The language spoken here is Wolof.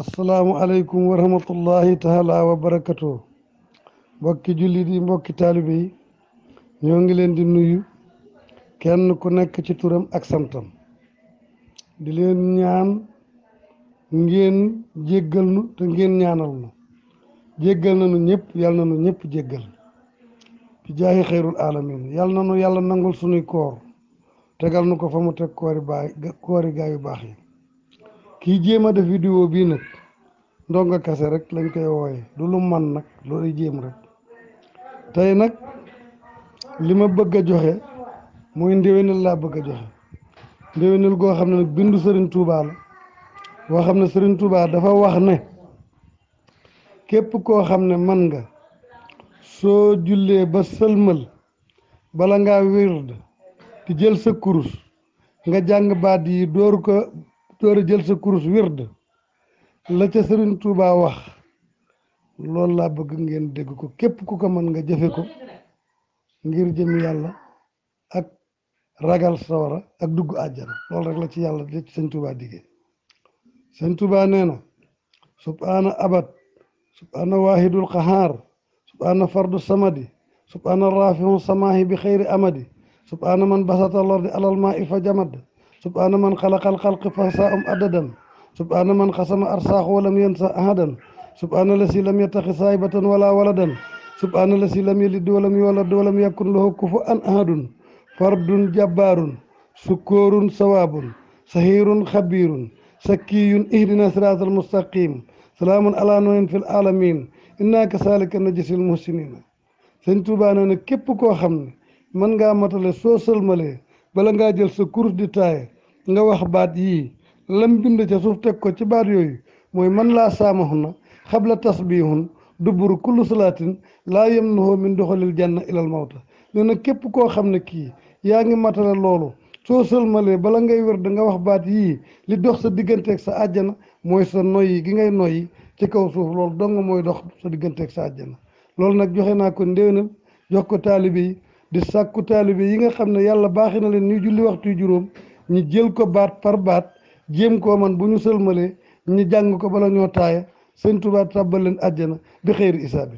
asalaamualeykum wa rahmatullahi taala wa barakatu mbokki jullit yi mbokki taalibe yi ñoo ngi leen di nuyu kenn ku nekk ci turam ak santam di leen ñaan ngeen jéggal nu te ngeen ñaanal nu jéggal na nu ñëpp yal na nu ñëpp jéggal ci jaahi xeyrul alamin yal na nu yàlla nangul sunuy koor tegal nu ko fa mu teg koori baay koori gaayu baax yi kii jéem a def vidéo bii nag ndongo kase rek lañ koy wooye du lu man nag loolu jéem rek tey nag li ma bëgg a joxe mooy ndéwénal laa bëgg a joxe ndéwénal goo xam ne nag bindu Serigne Touba la boo xam ne Serigne Touba dafa wax ne képp koo xam ne man nga soo jullee ba sëlmal bala ngaa wird di jël sa nga jàng baat yi door ko door jël sa kurus wird la ca Sëriñ Tuubaa wax bëgg ngeen dégg ko képp ku ko mën nga jëfe ko ngir jëm yàlla ak ragal sawara ak dugg àjjana loolu rek la ci yàlla di ci Sëñ Tuubaa diggee Sëñ Tuubaa nee na subhaana abad subhaana waahidul qahaar subhaana fardu samadi subhaana raafiu samaahi bi xayri amadi subhaana man basata lardi alal maa i fa jamad سبحان من خلق الخلق فساهم عددا سبحان من خصم أرساه ولم ينسى أحدا سبحان الذي لم يتخذ صاحبة ولا ولدا سبحان الذي لم يلد ولم يولد ولم يكن له كفوا أحد فرد جبار سكور ثواب سهير خبير سكي اهدنا صراط المستقيم سلام على نوح في العالمين إنا كذلك نجزي المحسنين Sëñ Tuubaa nee na képp koo xam ne mën ngaa matale soo sëlmalee bala ngaa jël sa kurus di taaye nga wax baat yii lam bind ca suuf teg ko ci baat yooyu mooy man laa na la saamahunna xabla tasbihun duburu kullu salaatin laa yamnuhu min doxalil janna ilal mawta nee na képp koo xam ne kii yaa ngi matale loolu soo sëlmalee bala ngay wer da nga wax baat yii li dox sa digganteeg sa àjjana mooy sa noyyi gi ngay noyyi ci kaw suuf loolu dong mooy dox sa digganteeg sa àjjana loolu nag joxe naa ko ndéwénal jox ko taalibe yi di sàkku taalibe yi nga xam ne yàlla baaxi na leen ñuy julli waxtu juróom ñu jël ko baat par baat jéem koo man bu ñu sëlmalee ñu jàng ko bala ñoo taaya sëñ Tuubaa tàbbal leen àjjana bi xëyri isaabi